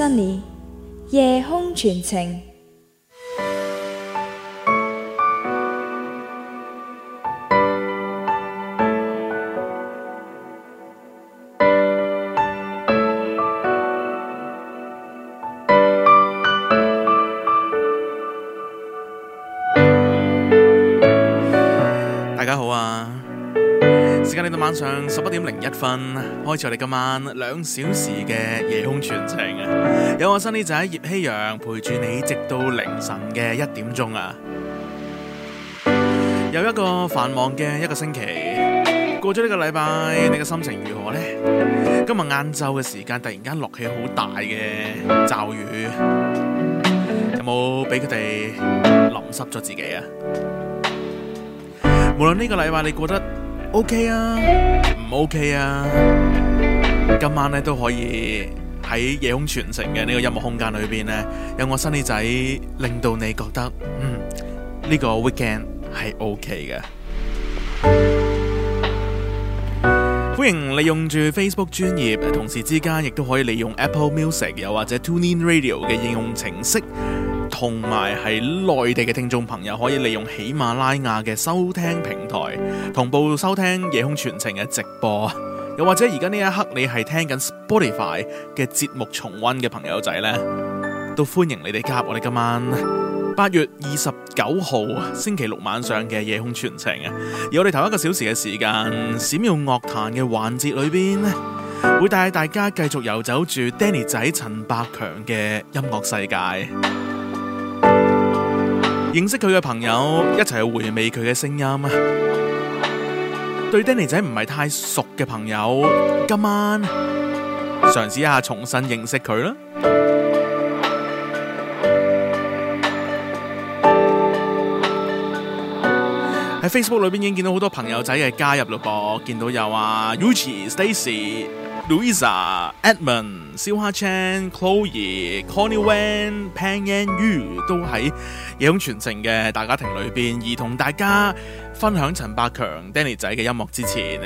Sunny 夜空傳情。晚上十一點零一分，開始我哋今晚兩小時嘅夜空傳情啊！有我新呢仔葉希陽陪住你，直到凌晨嘅一點鐘啊！有一個繁忙嘅一個星期，過咗呢個禮拜，你嘅心情如何呢？今日晏晝嘅時間，突然間落起好大嘅驟雨，有冇俾佢哋淋濕咗自己啊？無論呢個禮拜你過得，O、OK、K 啊，唔 O K 啊，今晚咧都可以喺夜空全城嘅呢個音樂空間裏邊呢，有我 Sunny 仔令到你覺得，嗯，呢、這個 Weekend 係 O、OK、K 嘅。 歡迎利用住 Facebook 專頁，同時之間亦都可以利用 Apple Music 又或者 TuneIn Radio 嘅應用程式。同埋係內地嘅聽眾朋友，可以利用喜馬拉雅嘅收聽平台同步收聽夜空傳情嘅直播。又或者而家呢一刻你係聽緊 Spotify 嘅節目重溫嘅朋友仔呢，都歡迎你哋加入我哋今晚八月二十九號星期六晚上嘅夜空傳情啊！而我哋頭一個小時嘅時間，閃耀樂壇嘅環節裏邊，會帶大家繼續游走住 Danny 仔陳百強嘅音樂世界。認識佢嘅朋友一齊去回味佢嘅聲音啊！對 Danny 仔唔係太熟嘅朋友，今晚嘗試一下重新認識佢啦！喺 Facebook 裏邊已經見到好多朋友仔嘅加入嘞噃，見到有啊，Ruchi St、Stacy。Louisa、Lou Edmond、Sylha Chan、Chloe、Connie Wen、Pang and Yu 都喺夜空傳情嘅大家庭裏邊，而同大家分享陳百強 Danny 仔嘅音樂之前，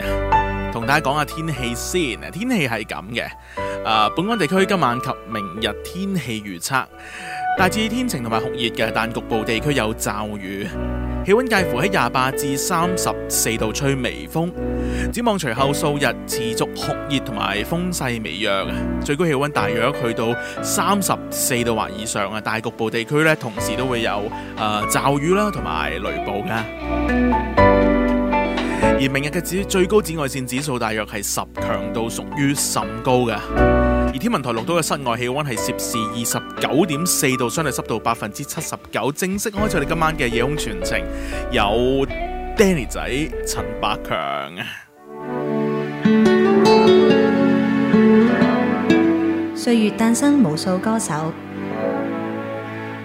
同大家講下天氣先。天氣係咁嘅，啊、呃，本港地區今晚及明日天氣預測大致天晴同埋酷熱嘅，但局部地區有驟雨。氣溫介乎喺廿八至三十四度，吹微風。展望隨後數日持續酷熱同埋風勢微弱，最高氣溫大約去到三十四度或以上啊！但局部地區咧，同時都會有誒、呃、驟雨啦，同埋雷暴噶。而明日嘅指最高紫外線指數大約係十，強度屬於甚高嘅。而天文台錄到嘅室外氣温係攝氏二十九點四度，相對濕度百分之七十九。正式開咗你今晚嘅夜空傳情，有 Danny 仔陳百強。歲月誕生無數歌手，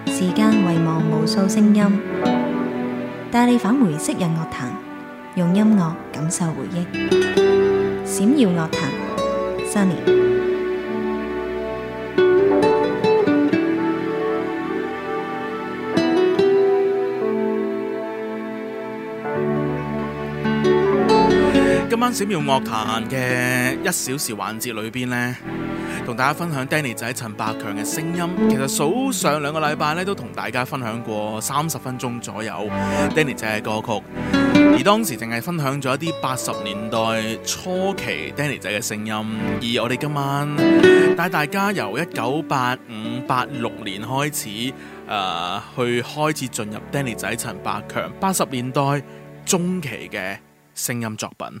時間遺忘無數聲音，帶你返回昔日樂壇。用音樂感受回憶，閃耀樂壇，Sunny。今晚閃耀樂壇嘅一小時環節裏邊呢，同大家分享 Danny 仔陳百強嘅聲音。其實數上兩個禮拜呢，都同大家分享過三十分鐘左右 Danny 仔嘅歌曲。而當時淨係分享咗一啲八十年代初期 Danny 仔嘅聲音，而我哋今晚帶大家由一九八五、八六年開始，誒、呃、去開始進入 Danny 仔陳百強八十年代中期嘅聲音作品。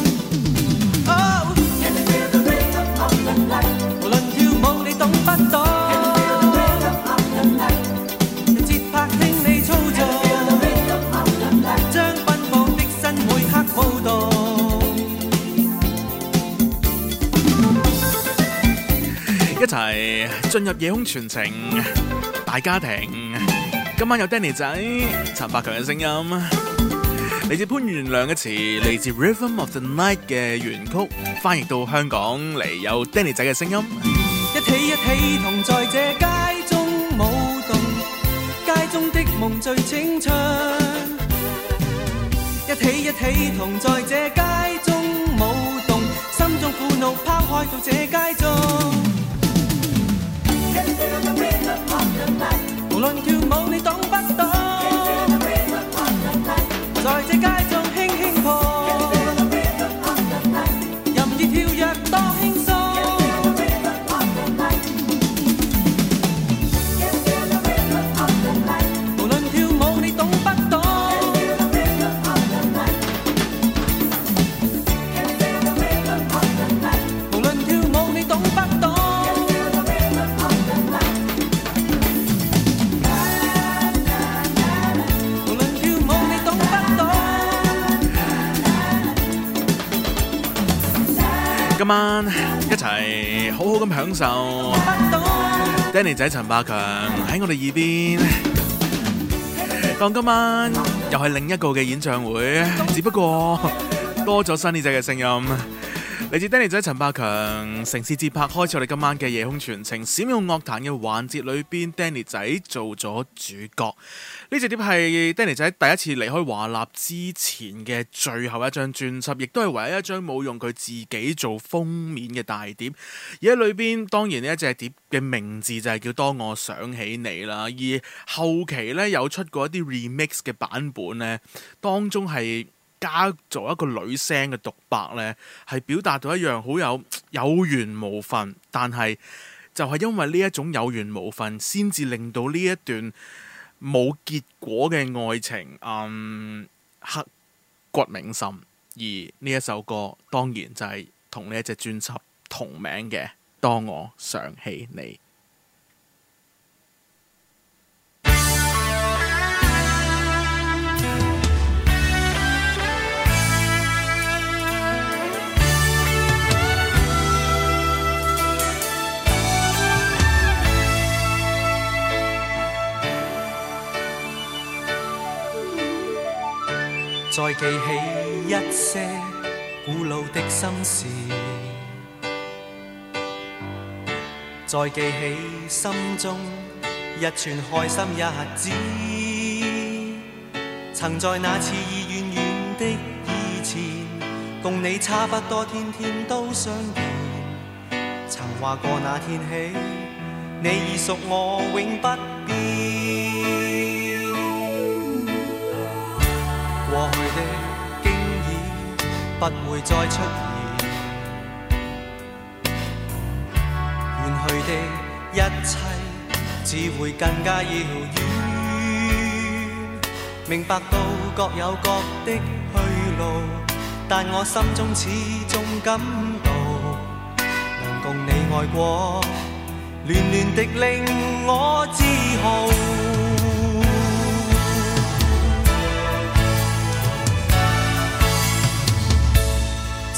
齊進入夜空傳情大家庭，今晚有 Danny 仔陳百強嘅聲音，嚟自潘源良嘅詞，嚟自 Rhythm of the Night 嘅原曲，翻譯到香港嚟有 Danny 仔嘅聲音，一起一起同在這街中舞動，街中的夢最青春，一起一起同在這街中舞動，心中苦惱拋開到這街中。一齊好好咁享受，Danny 仔陳百強喺我哋耳邊，當今晚又係另一個嘅演唱會，只不過多咗 Sunny 仔嘅聲音。嚟自 Danny 仔陳百強城市節拍，開始我哋今晚嘅夜空全程閃耀樂壇嘅環節裏邊，Danny 仔做咗主角。呢隻碟係 Danny 仔第一次離開華納之前嘅最後一張專輯，亦都係唯一一張冇用佢自己做封面嘅大碟。而喺裏邊，當然呢一隻碟嘅名字就係叫《當我想起你》啦。而後期呢，有出過一啲 remix 嘅版本呢，當中係。加做一個女聲嘅獨白咧，係表達到一樣好有有緣無份，但係就係、是、因為呢一種有緣無份，先至令到呢一段冇結果嘅愛情，嗯，刻骨銘心。而呢一首歌當然就係同呢一隻專輯同名嘅《當我想起你》。再記起一些古老的心事，再記起心中一串開心日子。曾在那次已遠遠的以前，共你差不多天天都相見。曾話過那天起，你已屬我永不變。不會再出現，遠去的一切只會更加遙遠。明白到各有各的去路，但我心中始終感到，能共你愛過，戀戀的令我自豪。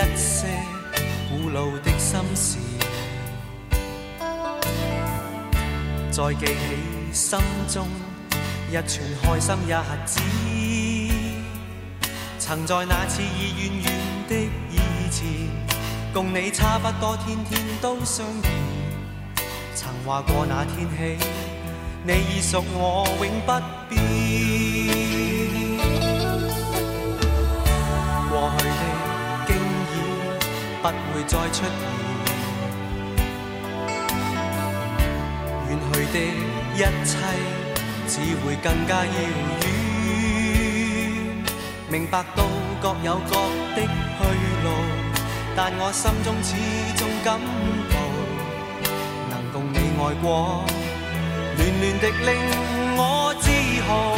一些古老的心事，再記起心中一串開心日子。曾在那次已遠遠的以前，共你差不多天天都相見。曾話過那天起，你已屬我永不變。不會再出現，遠去的一切只會更加遙遠。明白到各有各的去路，但我心中始終感到，能共你愛過，暖暖的令我自豪。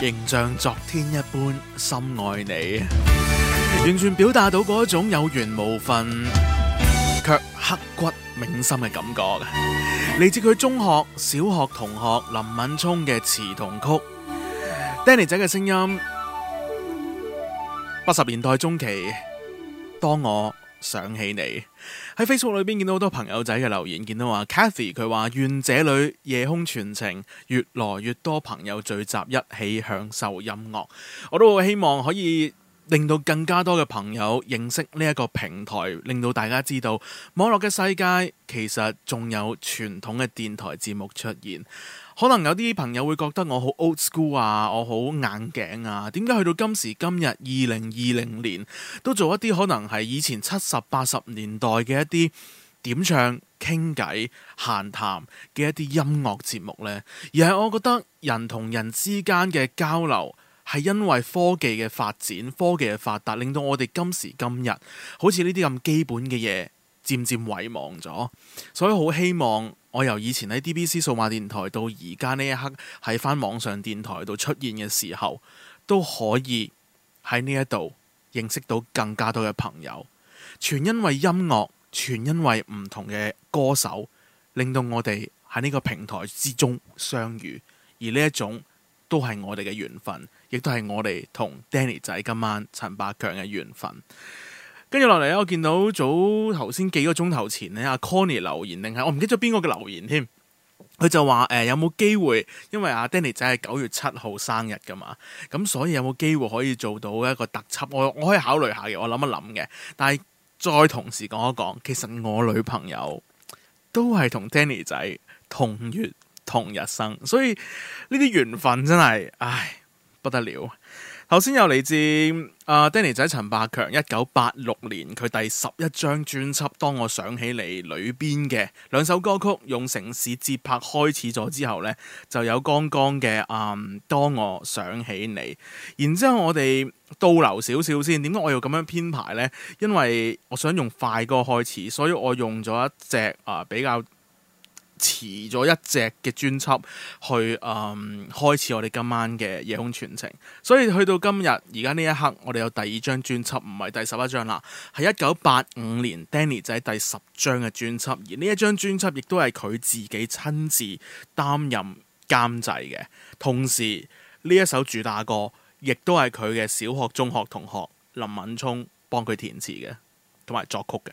仍像昨天一般深愛你，完全表達到嗰種有緣無分，卻刻骨銘心嘅感覺。嚟自佢中學、小學同學林敏聰嘅詞同曲，Danny 仔嘅聲音，八十年代中期，當我想起你。喺 Facebook 裏邊見到好多朋友仔嘅留言，見到話 Kathy 佢話願這裏夜空傳情，越來越多朋友聚集一起享受音樂，我都希望可以。令到更加多嘅朋友認識呢一個平台，令到大家知道網絡嘅世界其實仲有傳統嘅電台節目出現。可能有啲朋友會覺得我好 old school 啊，我好硬頸啊，點解去到今時今日二零二零年都做一啲可能係以前七十八十年代嘅一啲點唱、傾偈、閒談嘅一啲音樂節目呢？而係我覺得人同人之間嘅交流。係因為科技嘅發展，科技嘅發達，令到我哋今時今日好似呢啲咁基本嘅嘢漸漸遺忘咗，所以好希望我由以前喺 DBC 數碼電台到而家呢一刻喺翻網上電台度出現嘅時候，都可以喺呢一度認識到更加多嘅朋友，全因為音樂，全因為唔同嘅歌手，令到我哋喺呢個平台之中相遇，而呢一種都係我哋嘅緣分。亦都係我哋同 Danny 仔今晚陳百強嘅緣分。跟住落嚟咧，我見到早頭先幾個鐘頭前咧，阿、啊、Connie 留言，定係我唔記得咗邊個嘅留言添。佢就話、呃、有冇機會，因為阿、啊、Danny 仔係九月七號生日噶嘛，咁所以有冇機會可以做到一個特輯？我我可以考慮下嘅，我諗一諗嘅。但係再同時講一講，其實我女朋友都係同 Danny 仔同月同日生，所以呢啲緣分真係唉。不得了！頭先又嚟自，阿、呃、Danny 仔陳百強一九八六年佢第十一張專輯《當我想起你》裏邊嘅兩首歌曲，用城市節拍開始咗之後呢，就有剛剛嘅啊、嗯、《當我想起你》。然之後我哋倒流少少先，點解我要咁樣編排呢？因為我想用快歌開始，所以我用咗一隻啊、呃、比較。遲咗一隻嘅專輯去，嗯，開始我哋今晚嘅夜空傳情。所以去到今日，而家呢一刻，我哋有第二張專輯，唔係第十一張啦，係一九八五年 Danny 仔第十張嘅專輯。而呢一張專輯亦都係佢自己親自擔任監製嘅，同時呢一首主打歌，亦都係佢嘅小學、中學同學林敏聰幫佢填詞嘅，同埋作曲嘅。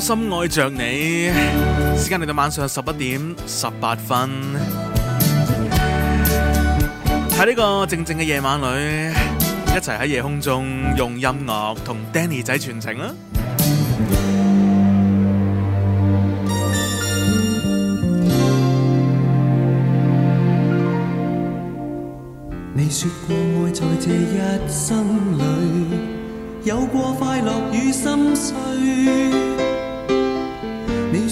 深愛着你，時間嚟到晚上十一點十八分，喺呢個靜靜嘅夜晚裏，一齊喺夜空中用音樂同 Danny 仔傳情啦。你說過愛在這一生裏，有過快樂與心碎。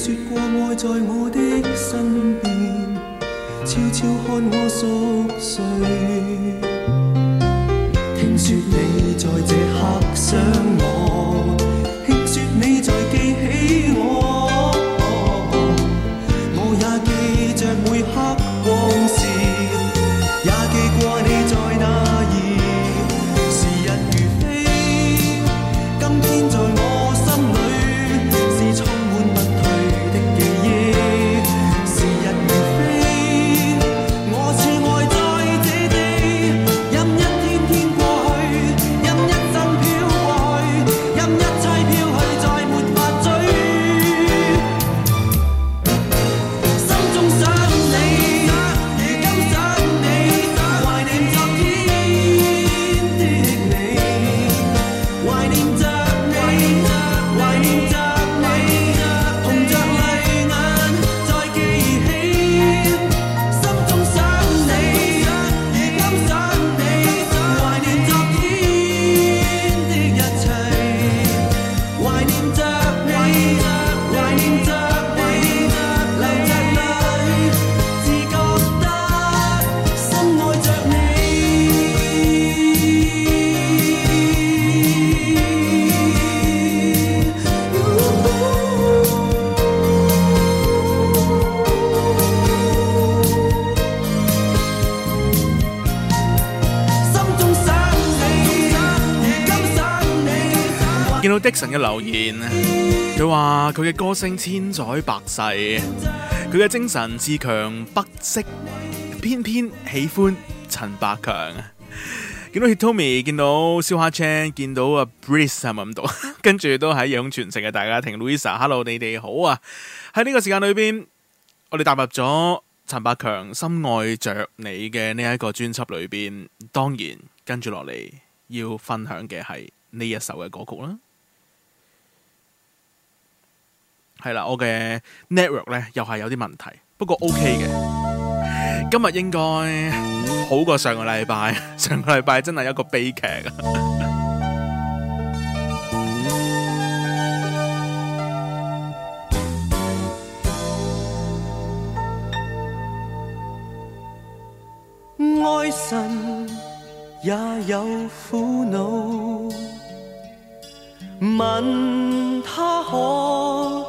說過愛在我的身邊，悄悄看我熟睡。聽說你在這刻想我。迪神嘅留言，佢話佢嘅歌聲千載百世，佢嘅精神自強不息，偏偏喜歡陳百強。見到 Tommy 見到燒卡 Chan 見到阿 Bris 喺度，跟 住都係夜空傳情嘅大家庭。Louisa，Hello，o u 你哋好啊。喺呢個時間裏邊，我哋踏入咗陳百強深愛著你嘅呢一個專輯裏邊，當然跟住落嚟要分享嘅係呢一首嘅歌曲啦。係啦，我嘅 network 咧又係有啲問題，不過 OK 嘅。今日應該好過上個禮拜，上個禮拜真係一個悲劇。愛神也有苦惱，問他可？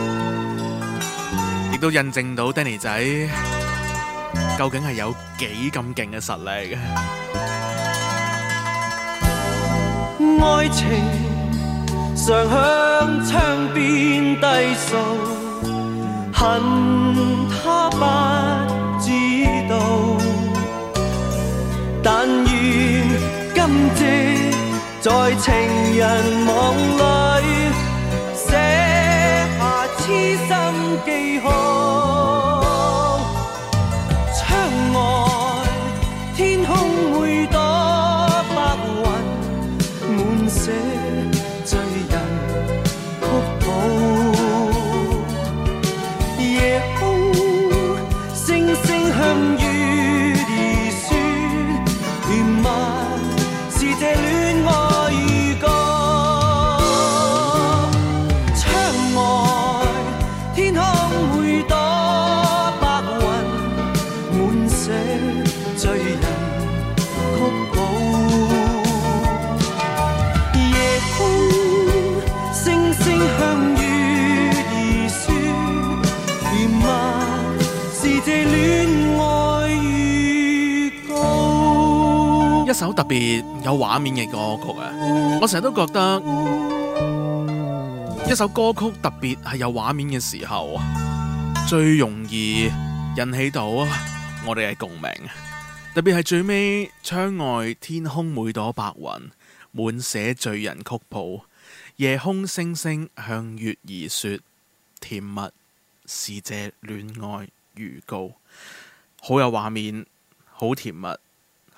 都印證到 Danny 仔究竟係有幾咁勁嘅實力嘅。愛情常向窗邊低訴，恨他不知道。但願今夕在情人夢裡，寫下痴心記。一首特別有畫面嘅歌曲啊！我成日都覺得，一首歌曲特別係有畫面嘅時候，最容易引起到我哋嘅共鳴。特別係最尾，窗外天空每朵白雲滿寫醉人曲譜，夜空星星向月兒說甜蜜，是這戀愛預告，好有畫面，好甜蜜。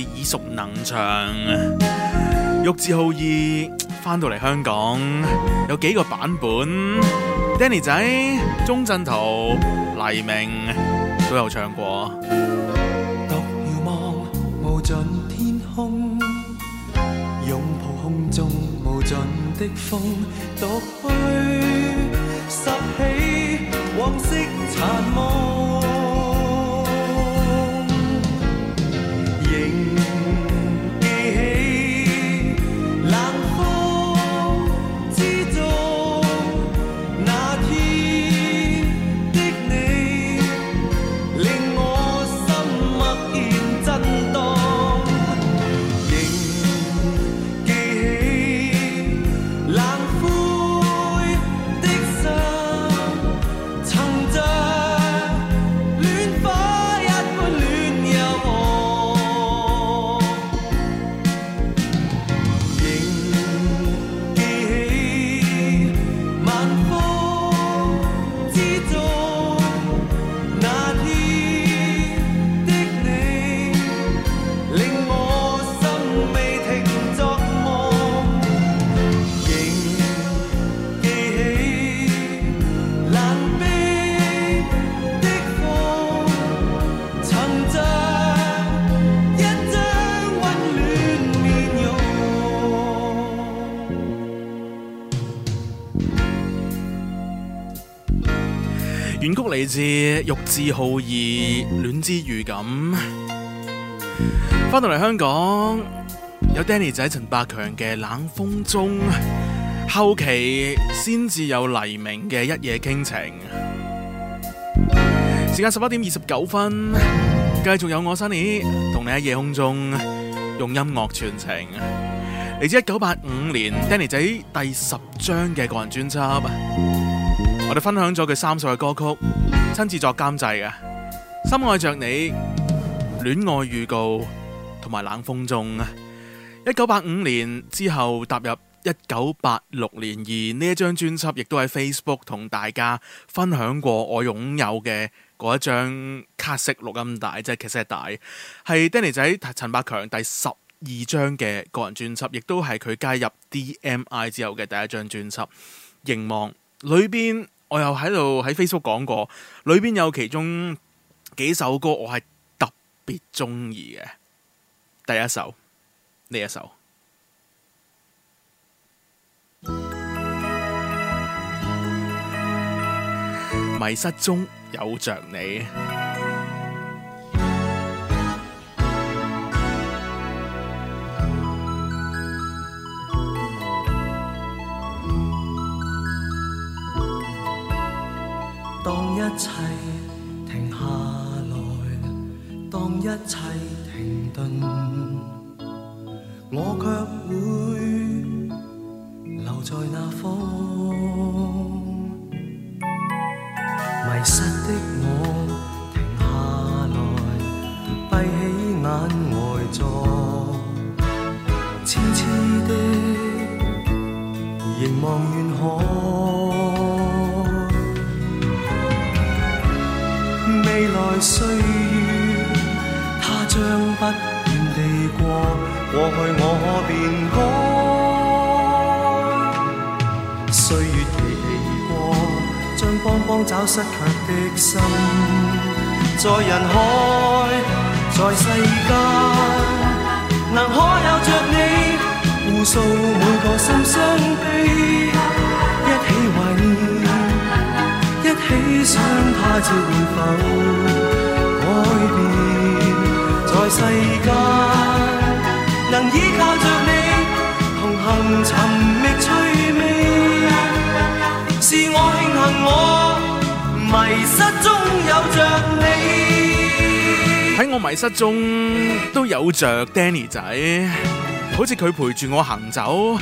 耳熟能詳，《玉置浩二》翻到嚟香港有幾個版本，Danny 仔、鍾鎮濤、黎明都有唱過。獨遙望，無盡天空，擁抱空中無盡的風。自好而戀之餘咁，翻到嚟香港有 Danny 仔陳百強嘅冷風中，後期先至有黎明嘅一夜傾情。時間十一點二十九分，繼續有我 Sunny 同你喺夜空中用音樂傳情，嚟自一九八五年 Danny 仔第十張嘅個人專輯，我哋分享咗佢三首嘅歌曲。親自作監製嘅，深愛着你、戀愛預告同埋冷風中啊！一九八五年之後踏入一九八六年，而呢一張專輯亦都喺 Facebook 同大家分享過我擁有嘅嗰一張卡式錄音帶，即係卡式帶，係 Danny 仔陳百強第十二張嘅個人專輯，亦都係佢加入 DMI 之後嘅第一張專輯《凝望》裏邊。我又喺度喺 Facebook 講過，裏面有其中幾首歌，我係特別中意嘅。第一首，呢一首《迷失中有着你》。一切停下來，當一切停頓，我卻會留在那方。過去我可變改，歲月期期而過，將光芒照失卻的心，在人海，在世間，能可有着你，互訴每個心傷悲，一起懷念，一起想他朝會否改變，在世間。人依靠着你同行尋覓趣味，是我慶幸我迷，我迷失中有着你。喺我迷失中都有着 Danny 仔，好似佢陪住我行走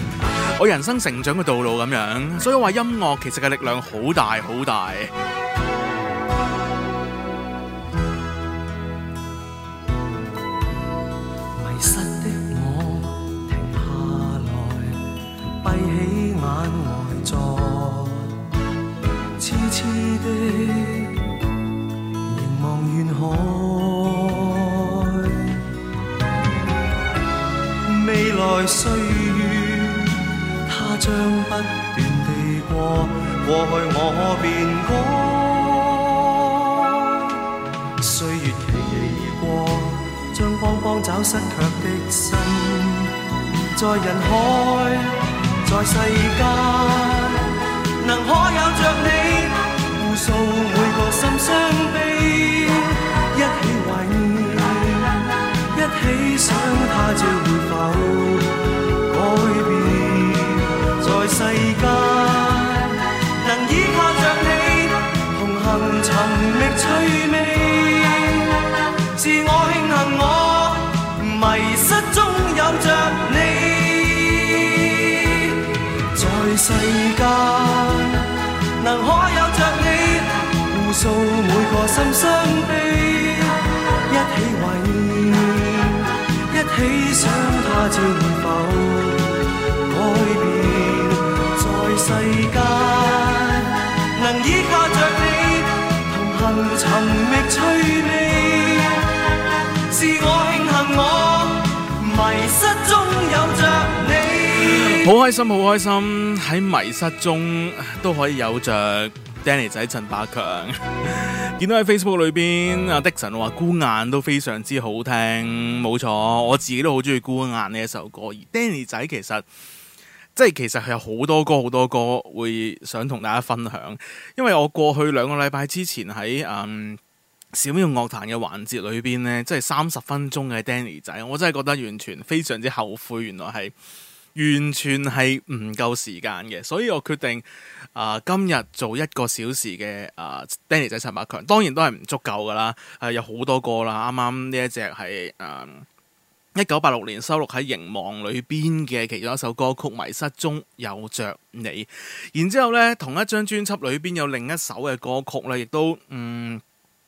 我人生成長嘅道路，咁樣，所以我話音樂其實嘅力量好大好大凝望遠海，未來歲月它將不斷地過，過去我便過。歲月期期過，將光芒找失卻的身，在人海，在世間，能可有着你。數每個心傷悲，一起懷念，一起想，他朝會否改變？在世間能依靠着你，同行尋覓趣味，自我慶幸我迷失中有着你，在世間能可有。好開心，好開心！喺迷失中都可以有着。Danny 仔陳百強， 見到喺 Facebook 裏邊阿 o n 話孤雁都非常之好聽，冇錯，我自己都好中意孤雁呢一首歌。而 Danny 仔其實即係其實係有好多歌好多歌會想同大家分享，因為我過去兩個禮拜之前喺嗯小妙樂壇嘅環節裏邊呢即係三十分鐘嘅 Danny 仔，我真係覺得完全非常之後悔，原來係。完全係唔夠時間嘅，所以我決定啊、呃，今日做一個小時嘅啊 Danny 仔陳百強，當然都係唔足夠噶啦，呃、有好多歌啦，啱啱呢一隻係誒一九八六年收錄喺《凝望》裏邊嘅其中一首歌曲《迷失中有着你》，然之後呢，同一張專輯裏邊有另一首嘅歌曲啦，亦都嗯，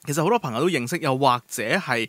其實好多朋友都認識，又或者係。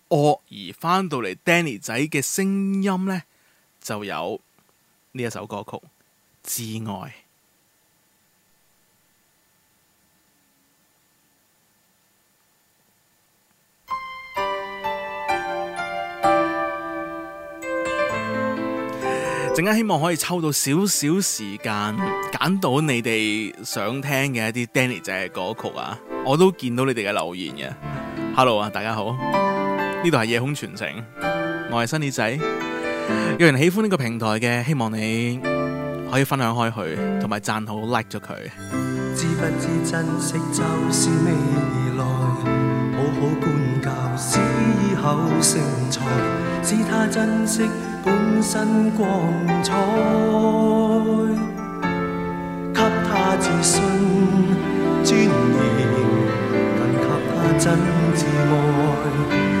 惡而返到嚟，Danny 仔嘅聲音呢，就有呢一首歌曲《摯愛》。陣間希望可以抽到少少時間揀到你哋想聽嘅一啲 Danny 仔嘅歌曲啊！我都見到你哋嘅留言嘅。Hello 啊，大家好。呢度係夜空傳情，我係 Sunny 仔。有人喜歡呢個平台嘅，希望你可以分享開佢，同埋讚好 like 咗佢。知不知珍惜就是未來，好好管教，思考成才，使他珍惜本身光彩，給他自信尊嚴，更給他真摯愛。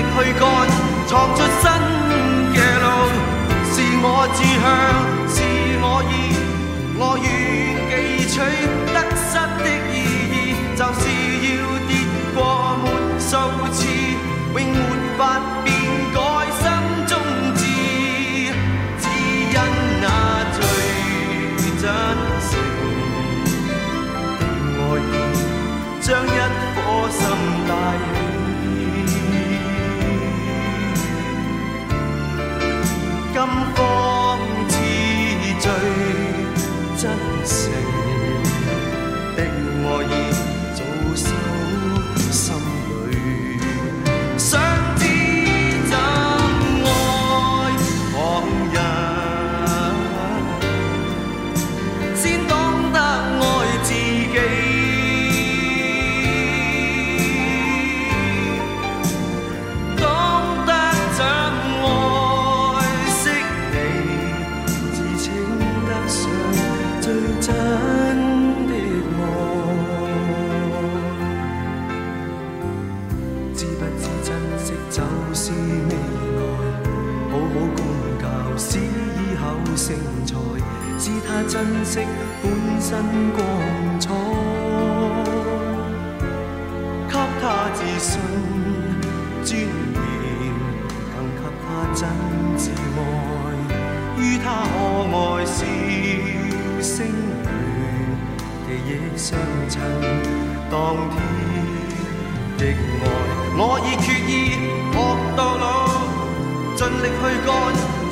去幹，闖出新嘅路，是我志向，是我意。我願記取得失的意義，就是要跌過無數次，永沒法。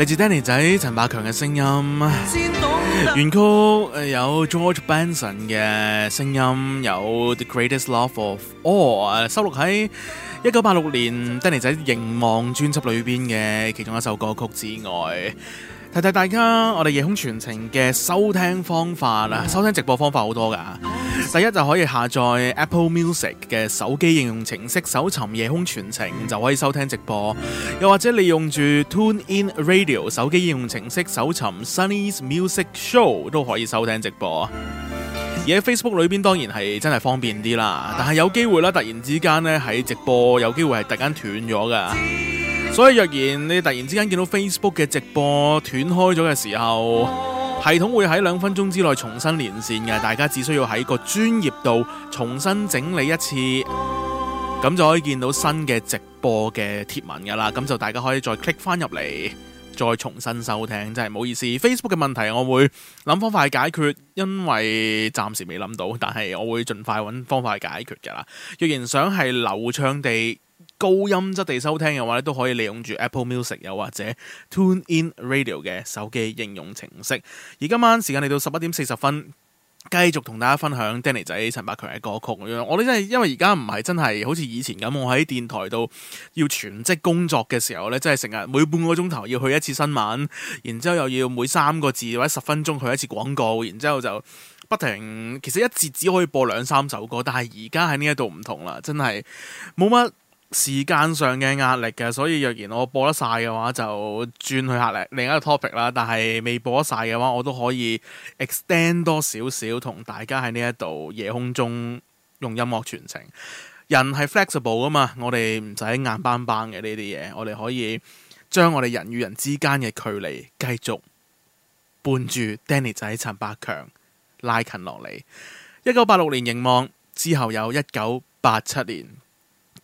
嚟自 Danny 仔陳百強嘅聲音，原曲有 George Benson 嘅聲音，有 The Greatest Love of All，收錄喺一九八六年 Danny 仔凝望專輯裏邊嘅其中一首歌曲之外，提提大家我哋夜空傳情嘅收聽方法啊，收聽直播方法好多噶。第一就可以下載 Apple Music 嘅手機應用程式，搜尋夜空傳情就可以收聽直播；又或者利用住 TuneIn Radio 手機應用程式，搜尋 Sunny's Music Show 都可以收聽直播。而喺 Facebook 裏邊，當然係真係方便啲啦。但係有機會啦，突然之間咧喺直播有機會係突然間斷咗嘅，所以若然你突然之間見到 Facebook 嘅直播斷開咗嘅時候，系統會喺兩分鐘之內重新連線嘅，大家只需要喺個專頁度重新整理一次，咁就可以見到新嘅直播嘅貼文噶啦。咁就大家可以再 click 翻入嚟，再重新收聽。真係唔好意思，Facebook 嘅問題我會諗方法解決，因為暫時未諗到，但係我會盡快搵方法解決噶啦。若然想係流暢地。高音質地收聽嘅話咧，都可以利用住 Apple Music 又或者 TuneIn Radio 嘅手機應用程式。而今晚時間嚟到十一點四十分，繼續同大家分享 Danny 仔陳百強嘅歌曲。我哋真係因為而家唔係真係好似以前咁，我喺電台度要全職工作嘅時候咧，真係成日每半個鐘頭要去一次新聞，然之後又要每三個字或者十分鐘去一次廣告，然之後就不停。其實一節只可以播兩三首歌，但係而家喺呢一度唔同啦，真係冇乜時間上嘅壓力嘅，所以若然我播得晒嘅話，就轉去下另一個 topic 啦。但係未播得晒嘅話，我都可以 extend 多少少，同大家喺呢一度夜空中用音樂傳情。人係 flexible 噶嘛，我哋唔使硬邦邦嘅呢啲嘢。我哋可以將我哋人與人之間嘅距離繼續伴住 Danny 仔陳百強拉近落嚟。一九八六年凝望之後，有一九八七年，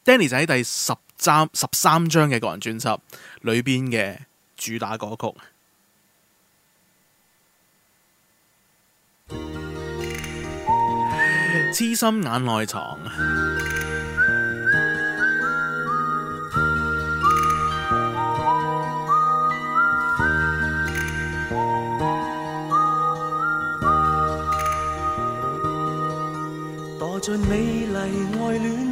Danny 仔第十三十三張嘅個人專輯裏邊嘅主打歌曲《癡 心眼內藏》，墮 進樂美麗愛戀。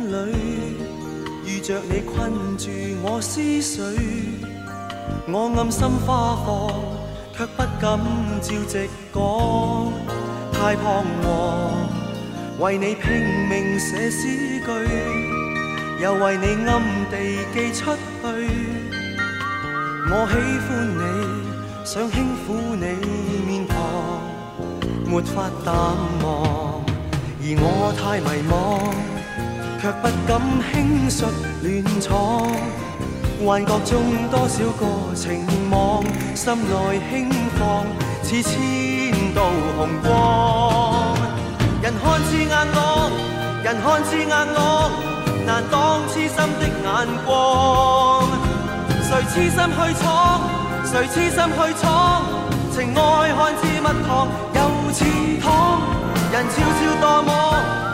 着你困住我思緒，我暗心花火，卻不敢照直講，太彷徨。為你拼命寫詩句，又為你暗地寄出去。我喜歡你，想輕撫你面龐，沒法淡忘，而我太迷惘。卻不敢輕率亂闖，幻覺中多少個情網，心內輕放，似千道虹光,光。人看似硬朗，人看似硬朗，難擋痴心的眼光。誰痴心去闖，誰痴心去闖？情愛看似蜜糖又似糖，人悄悄墮網。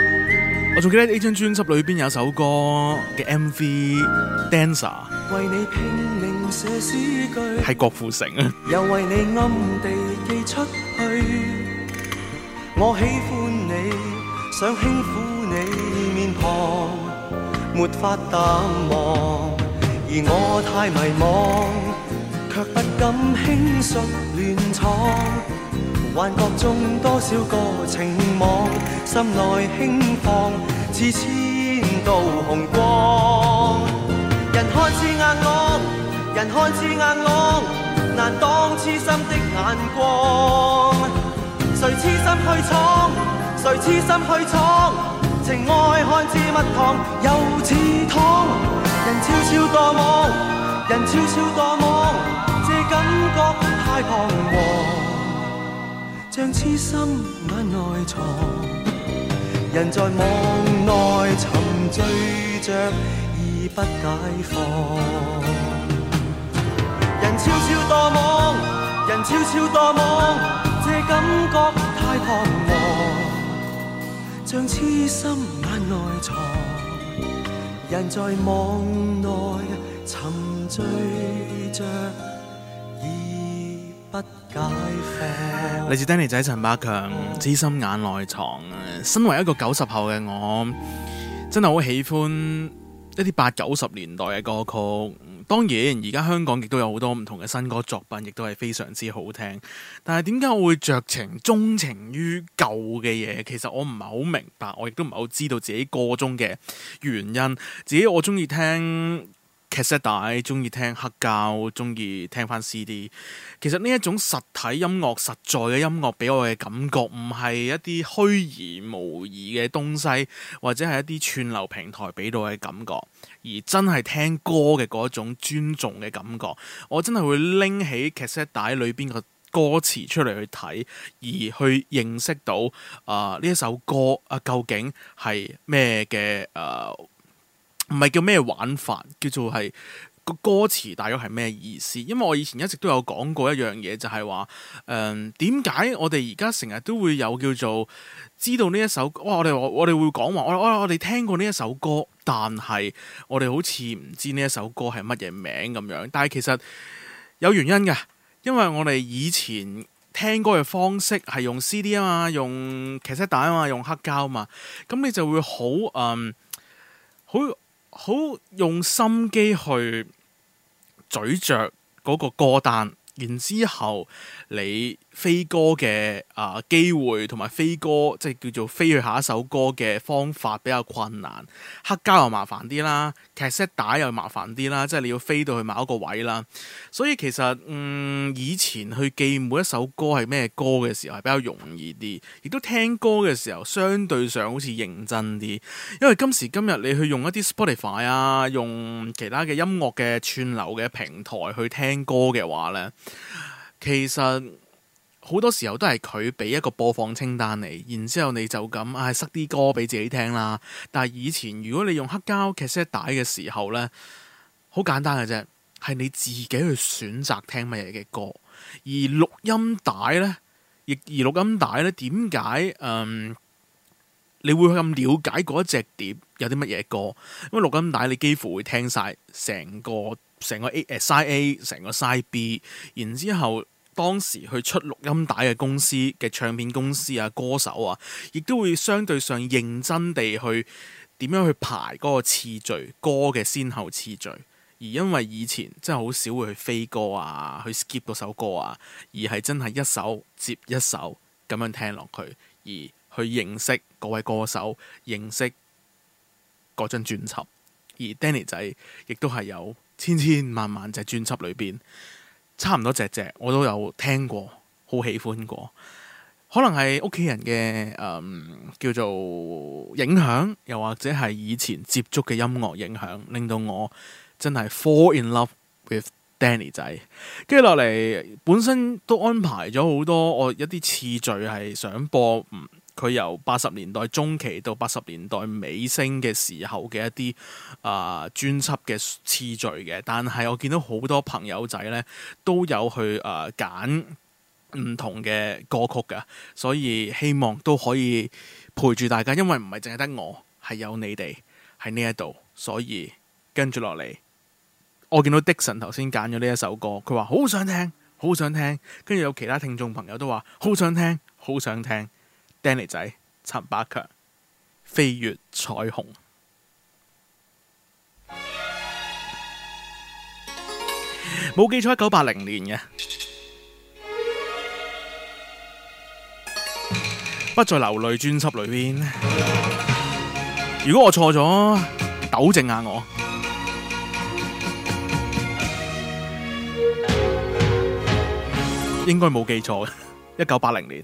我仲記得呢張專輯裏邊有首歌嘅 MV，Dancer 係郭富城啊。幻覺中多少個情網，心內輕放，似千道虹光。人看似硬朗，人看似硬朗，難擋痴心的眼光。誰痴心去闖，誰痴心去闖？情愛看似蜜，蜜糖，又似糖。人悄悄墮網，人悄悄墮網，這感覺太彷徨。將痴心眼內藏，人在網內沉醉着，而不解放。人悄悄墮網，人悄悄墮網，這感覺太彷徨。將痴心眼內藏，人在網內沉醉着。嚟自 Danny 仔陳百強，痴心眼內藏。身為一個九十後嘅我，真係好喜歡一啲八九十年代嘅歌曲。當然，而家香港亦都有好多唔同嘅新歌作品，亦都係非常之好聽。但係點解我會着情鍾情於舊嘅嘢？其實我唔係好明白，我亦都唔係好知道自己歌中嘅原因。自己我中意聽。cassette 帶，中意聽黑膠，中意聽翻 CD。其實呢一種實體音樂、實在嘅音樂，俾我嘅感覺唔係一啲虛而無疑嘅東西，或者係一啲串流平台俾到嘅感覺，而真係聽歌嘅嗰種尊重嘅感覺。我真係會拎起 cassette 帶裏邊個歌詞出嚟去睇，而去認識到啊呢一首歌啊究竟係咩嘅誒？呃唔係叫咩玩法，叫做係個歌詞大約係咩意思？因為我以前一直都有講過一樣嘢，就係話，誒點解我哋而家成日都會有叫做知道呢一首哇！我哋我哋會講話，我我哋聽過呢一首歌，但係我哋好似唔知呢一首歌係乜嘢名咁樣，但係其實有原因嘅，因為我哋以前聽歌嘅方式係用 CD 啊嘛，用卡式帶啊嘛，用黑膠啊嘛，咁你就會好誒好。嗯很好用心機去咀嚼嗰個歌單，然之後你。飛歌嘅啊、呃、機會同埋飛歌即係叫做飛去下一首歌嘅方法比較困難，黑膠又麻煩啲啦，cassette 帶又麻煩啲啦，即係你要飛到去某一個位啦。所以其實嗯，以前去記每一首歌係咩歌嘅時候係比較容易啲，亦都聽歌嘅時候相對上好似認真啲，因為今時今日你去用一啲 Spotify 啊，用其他嘅音樂嘅串流嘅平台去聽歌嘅話呢，其實。好多時候都係佢俾一個播放清單嚟，然之後你就咁啊、哎、塞啲歌俾自己聽啦。但係以前如果你用黑膠 cassette 帶嘅時候呢，好簡單嘅啫，係你自己去選擇聽乜嘢嘅歌。而錄音帶呢，亦而錄音帶呢，點解，嗯，你會咁了解嗰一隻碟有啲乜嘢歌？咁啊，錄音帶你幾乎會聽晒成個成個 A Side A 成個 Side B，然之後。當時去出錄音帶嘅公司嘅唱片公司啊，歌手啊，亦都會相對上認真地去點樣去排嗰個次序，歌嘅先後次序，而因為以前真係好少會去飛歌啊，去 skip 嗰首歌啊，而係真係一首接一首咁樣聽落去，而去認識嗰位歌手，認識嗰張專輯，而 Danny 仔亦都係有千千萬萬隻專輯裏邊。差唔多隻隻，我都有聽過，好喜歡過。可能係屋企人嘅誒、嗯、叫做影響，又或者係以前接觸嘅音樂影響，令到我真係 fall in love with Danny 仔。跟住落嚟，本身都安排咗好多，我一啲次序係想播唔。佢由八十年代中期到八十年代尾聲嘅時候嘅一啲啊專輯嘅次序嘅，但係我見到好多朋友仔呢都有去啊揀唔同嘅歌曲噶所以希望都可以陪住大家，因為唔係淨係得我係有你哋喺呢一度，所以跟住落嚟，我見到 Dixon 頭先揀咗呢一首歌，佢話好想聽，好想聽，跟住有其他聽眾朋友都話好想聽，好想聽。Danny 仔陳百強，飛越彩虹，冇記錯一九八零年嘅《不再流淚》專輯裏邊。如果我錯咗，糾正下我，應該冇記錯嘅一九八零年。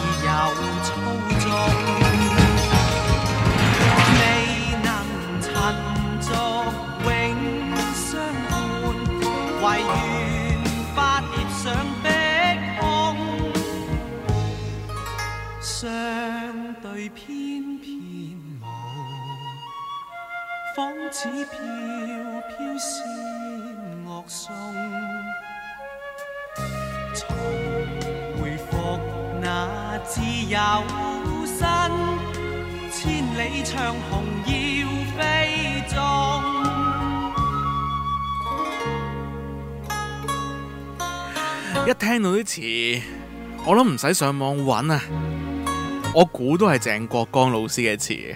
仿似飄飄仙樂送，重回復那自由身，千里長虹要飛縱。一聽到啲詞，我諗唔使上網搵啊，我估都係鄭國江老師嘅詞。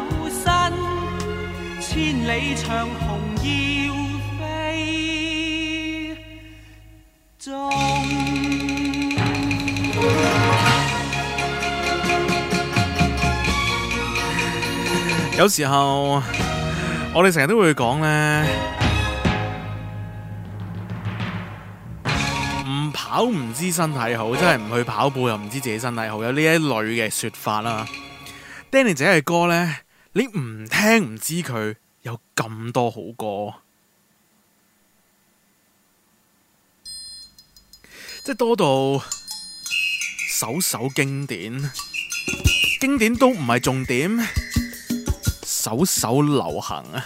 千里長虹要飛中，有時候，我哋成日都會講呢，唔跑唔知身體好，真係唔去跑步又唔知自己身體好，有呢一類嘅說法啦。Danny 姐嘅歌呢，你唔聽唔知佢。有咁多好歌，即係多到首首經典，經典都唔係重點，首首流行啊！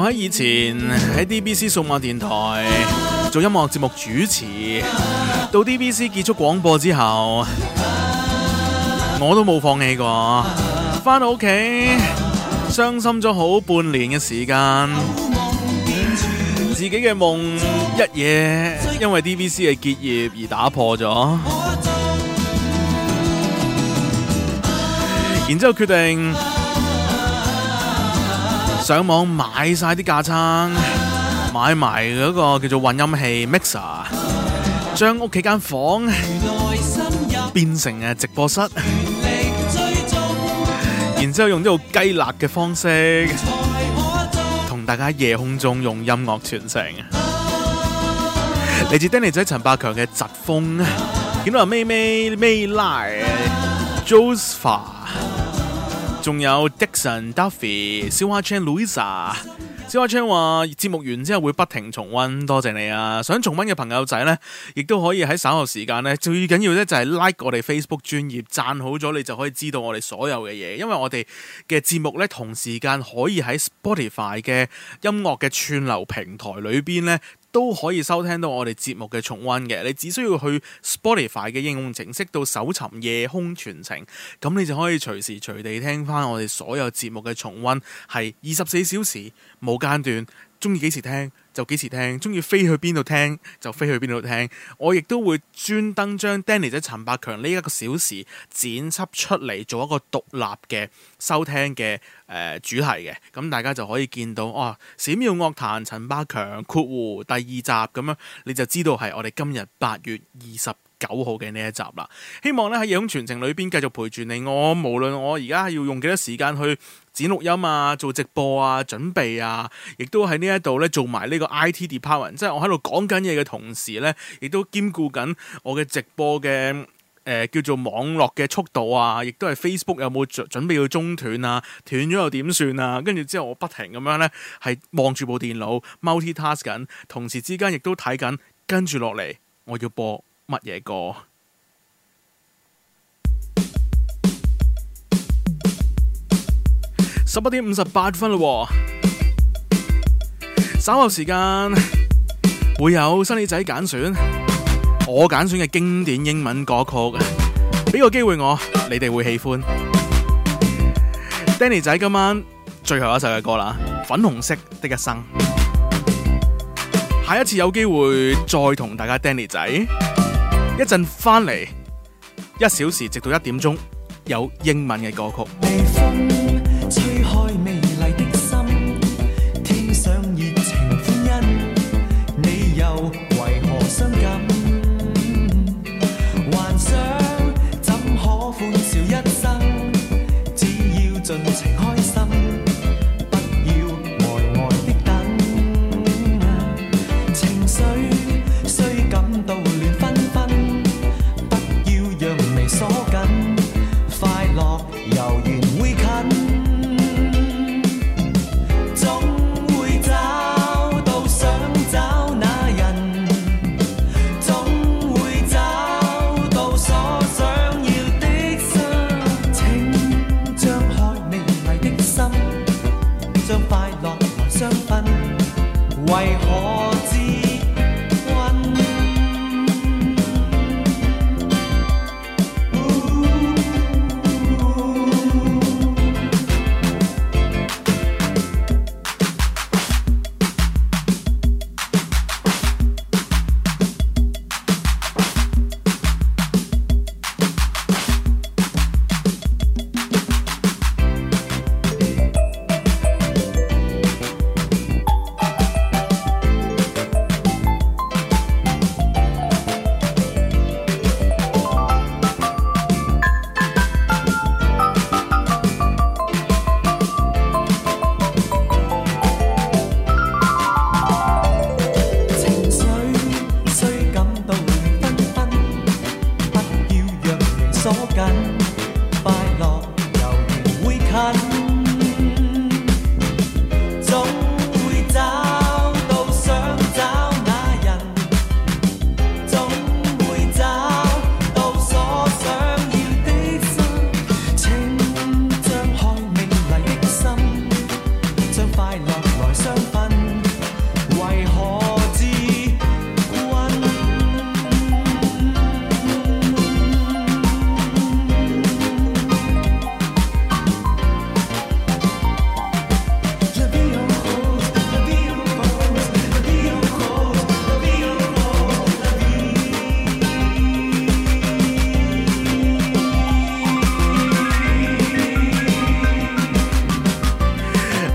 我喺以前喺 DBC 數碼電台做音樂節目主持，到 DBC 結束廣播之後，我都冇放棄過。翻到屋企，傷心咗好半年嘅時間，自己嘅夢一夜因為 DBC 嘅結業而打破咗，然之後決定。上網買晒啲架撐，買埋嗰個叫做混音器 mixer，將屋企間房變成誒直播室，然之後用呢度雞辣嘅方式，同大家喺夜空中用音樂傳承。嚟自 Danny 仔、陳百強嘅疾風，點啊，咪咪咪拉 Joseph。仲有 Dixon、Duffy、小花 chan Louisa，小花 chan 話節目完之後會不停重溫，多謝你啊！想重溫嘅朋友仔呢，亦都可以喺稍後時間呢，最緊要呢就係 like 我哋 Facebook 專頁讚好咗，你就可以知道我哋所有嘅嘢，因為我哋嘅節目呢，同時間可以喺 Spotify 嘅音樂嘅串流平台裏邊呢。都可以收聽到我哋節目嘅重溫，嘅你只需要去 Spotify 嘅應用程式度搜尋夜空傳情，咁你就可以隨時隨地聽翻我哋所有節目嘅重溫，係二十四小時冇間斷，中意幾時聽，就幾時聽，中意飛去邊度聽就飛去邊度聽。我亦都會專登將 Danny 仔陳百強呢一個小時剪輯出嚟，做一個獨立嘅收聽嘅誒、呃、主題嘅。咁、嗯、大家就可以見到哦、啊，閃耀樂壇陳百強括弧第二集咁樣、嗯，你就知道係我哋今日八月二十。九號嘅呢一集啦，希望咧喺夜空傳情裏邊繼續陪住你。我無論我而家係要用幾多時間去剪錄音啊、做直播啊、準備啊，亦都喺呢一度咧做埋呢個 IT department，即係我喺度講緊嘢嘅同時咧，亦都兼顧緊我嘅直播嘅誒、呃，叫做網絡嘅速度啊，亦都係 Facebook 有冇準準備要中斷啊？斷咗又點算啊？跟住之後，我不停咁樣咧係望住部電腦 multi task 緊，同時之間亦都睇緊跟住落嚟我要播。乜嘢歌？十一點五十八分啦，稍後時間會有 Danny 仔揀選我揀選嘅經典英文歌曲。俾個機會我，你哋會喜歡 Danny 仔今晚最後一首嘅歌啦，《粉紅色的一生》。下一次有機會再同大家 Danny 仔。一陣翻嚟，一小時直到一點鐘，有英文嘅歌曲。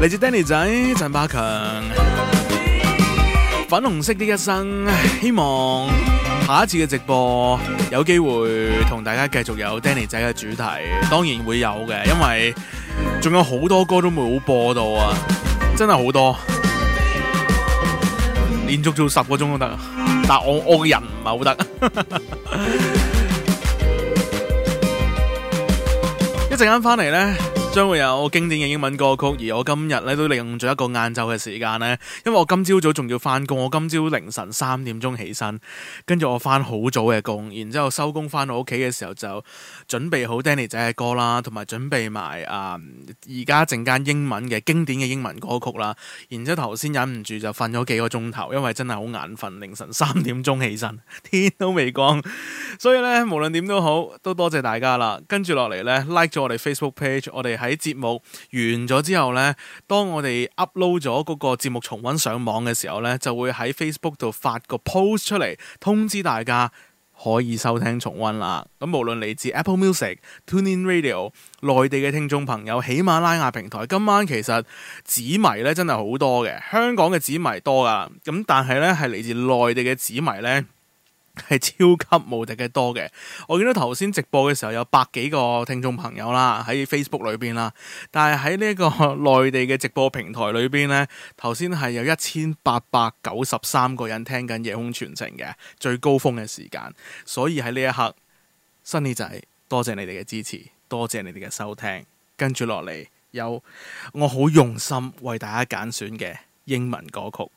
嚟自 Danny 仔陳百強，粉紅色的一生。希望下一次嘅直播有機會同大家繼續有 Danny 仔嘅主題，當然會有嘅，因為仲有好多歌都冇播到啊，真係好多，連續做十個鐘都得，但我我嘅人唔係好得。 一陣間翻嚟呢。將會有我經典嘅英文歌曲，而我今日咧都利用咗一個晏晝嘅時間呢，因為我今朝早仲要翻工，我今朝凌晨三點鐘起身，跟住我翻好早嘅工，然之後收工翻到屋企嘅時候就，準備好 Danny 仔嘅歌啦，同埋準備埋啊，而家陣間英文嘅經典嘅英文歌曲啦。然之後頭先忍唔住就瞓咗幾個鐘頭，因為真係好眼瞓，凌晨三點鐘起身，天都未光。所以咧，無論點都好，都多謝大家啦。跟住落嚟呢，like 咗我哋 Facebook page。我哋喺節目完咗之後呢，當我哋 upload 咗嗰個節目重溫上網嘅時候呢，就會喺 Facebook 度發個 post 出嚟通知大家。可以收聽重溫啦。咁無論嚟自 Apple Music、TuneIn Radio、內地嘅聽眾朋友、喜馬拉雅平台，今晚其實紫迷咧真係好多嘅。香港嘅紫迷多㗎。咁但係咧係嚟自內地嘅紫迷咧。係超級無敵嘅多嘅，我見到頭先直播嘅時候有百幾個聽眾朋友啦，喺 Facebook 裏邊啦，但係喺呢個內地嘅直播平台裏邊呢，頭先係有一千八百九十三個人聽緊夜空傳情嘅最高峰嘅時間，所以喺呢一刻，Sunny 仔，多謝你哋嘅支持，多謝你哋嘅收聽，跟住落嚟有我好用心為大家揀選嘅英文歌曲。